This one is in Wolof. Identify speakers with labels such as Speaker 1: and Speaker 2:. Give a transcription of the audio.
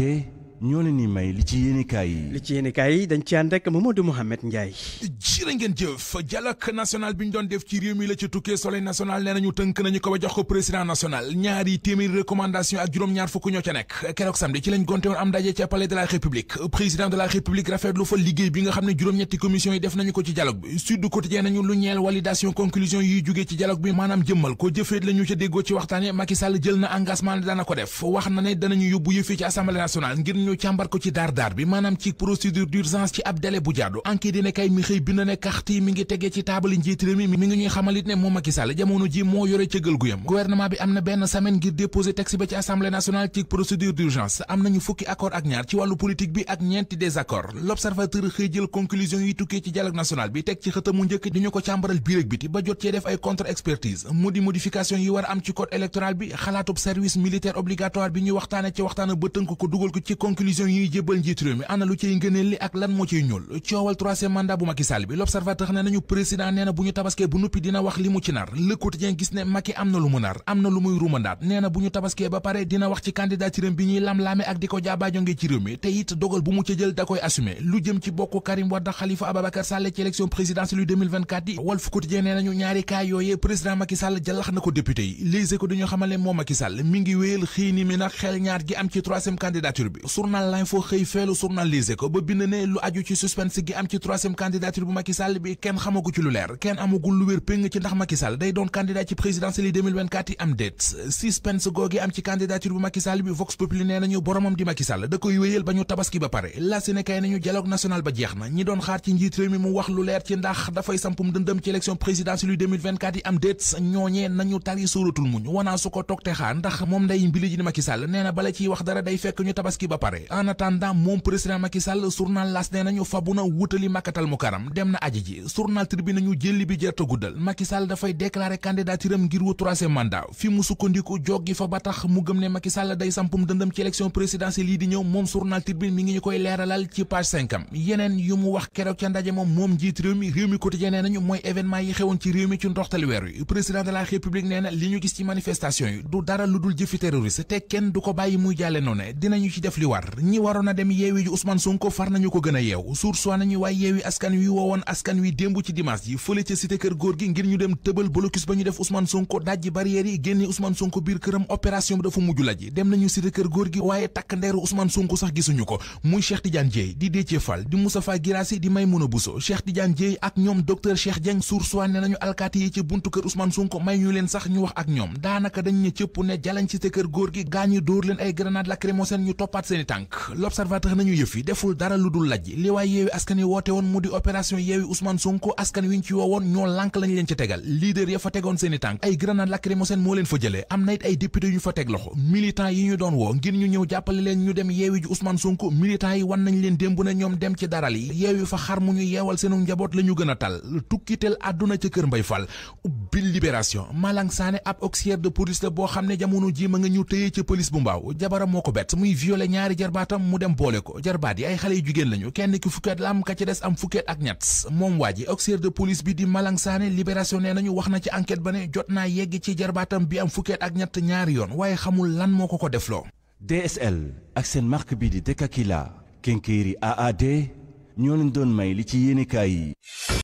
Speaker 1: été ñoo leen ni may li ci yéenekaay yi. li ci yéenekaay yi dañ ci ànd ak Mamadou Mouhamed ngeen jëf dialogue national bi ñu doon def ci réew mi la ci tukkee soleil national nee nañu tënk nañu ko ba jox ko président national ñaari téeméeri recommandation ak juróom-ñaar fukk ñoo ca nekk keroog samedi ci lañ gonte am daje ci palais de la république président de la république rafetlu fa liggéey bi nga xam ne juróom-ñetti commission yi def nañu ko ci dialogue ñu càmbar ko ci daar daar bi mi ngi tegee ci taabali njiit réew mi mi ngi ñuy xamalit ne moom Macky Sall jamono ji moo yore cëgal guyam gouvernement bi am na benn semaine ngir déposer texte ba ci assemblée nationale ci procédure d'urgence am nañu fukki accord ak ñaar ci wàllu politique bi ak ñeenti désaccord l'observateur xëy jël conclusion yi tukkee ci dialogue national bi teg ci xëtamu njëkk di ñu ko càmbaral biir ak biti ba jot cee def ay contre expertise mu di modification yi war am ci code électoral bi xalaatub service militaire obligatoire bi ñuy waxtaane ci waxtaana ba tënk ko dugal ko conclusion yi jébbal njiit réew ana lu ciy ngëneel li ak lan moo ciy ñuul coowal troisième mandat bu Macky Sall bi l'observateur ne nañu président nee na tabaskee bu nuppi dina wax li mu ci nar le quotidien gis ne Macky am na lu mu nar am na lu muy rumandaat nee na bu ñu tabaskee ba pare dina wax ci candidature bi ñuy lam-laame ak di ko jaabaajonge ci réew mi te dogal bu mu ca jël da koy assumer lu jëm ci bokk Karim Wade Khalifa Ababacar journal nee nañu boromam di Macky Sall da koy wéyal ba ñu tabaski ba pare la nañu dialogue national ba jeex na ñi doon xaar ci njiit réew mi mu wax lu leer ci ndax dafay sampum dëndëm ci élection présidentielle yi 2024 yi am déet ñooñee nañu tari sóoratul muñ wanaa ko toog xaar ndax moom day mbili ji di Macky Sall nee na bala ciy wax dara day fekk ñu tabaski ba pare pare en attendant moom président Macky Sall journal las nee nañu fabu na wutali makatal mu karam dem na aji ji journal tribune nañu jëlli bi jarta guddal Macky Sall dafay déclarer candidature am ngir wu troisième mandat fi mu sukkandiku joggi fa ba tax mu gëm ne Macky Sall day sampum dëndam ci élection présidentielle yi di ñëw moom journal tribune mi ngi ñu koy leeralal ci page am yeneen yu mu wax keroog ca ndaje moom moom njiit réew mi réew mi quotidien nee nañu mooy événement yi xewoon ci réew mi ci ndoxtal weer wi président de la république nee na li ñu gis ci manifestation yi du dara te kenn du ko bàyyi muy jàlle noonu dinañu ci def li ñi waroon a dem yeewi ji Ousmane Sonko far nañu ko gën a yeew sursoi nañu waay yeewi askan wi woowoon askan wi démb ci dimanche ji fële ca cité kër góor gi ngir ñu dem tëbal blocus ba ñu def Ousmane Sonko dajji barrières yi génne Ousmane Sonko biir këram opération bi dafa mujj laji dem nañu cité kër góor gi waaye takk ndeeru Ousmane Sonko sax gisuñu ko muy Cheikh Tidiane Dieye di Déthié Fall di Moustapha Guirassy di Maïmouna Bousso Cheikh Tidiane Dieye ak ñoom docteur Cheikh Dieng sursoi sax ñu wax ak ñoom daanaka dañ ne cëpp ne jalañ cité kër góor gi tànk l'observateur nañu yëf yi deful dara lu dul lajj li waay yeewi askan yi woote woon mu di opération yeewi Ousmane Sonko askan wi ñu ci woowoon ñoo lànk lañ leen ci tegal leader ya fa tegoon seeni tànk ay grenade lacrymogène moo leen fa jëlee am na it ay député ñu fa teg loxo militant yi ñu doon woo ngir ñu ñëw jàppale leen ñu dem yeewi ji Ousmane Sonko militant yi wan nañ leen démb na ñoom dem ci daral yi yeewi fa xar mu ñu yeewal seenu njaboot la ñu gën a tal tukkiteel àdduna ca kër Mbay Fall ubbi libération Malang Sané ab auxiliaire de police la boo xam ne jamono ji ma nga ñu tëyee ca police jarbaatam mu dem boole ko jarbaat yi ay xale yu jigéen lañu kenn ki fukkeet la ka ci des am fukkeet ak ñett moom waa ji auxiliaire de police bi di Malang Sané ne nee nañu wax na ci enquête ba ne jot naa yegg ci jarbaatam bi am fukkeet ak ñett ñaari yoon waaye xamul lan moo ko ko defloo DSL ak seen marque bi di dëkk Dekakila Kenkeyri AAD ñoo leen doon may li ci yéenekaay yi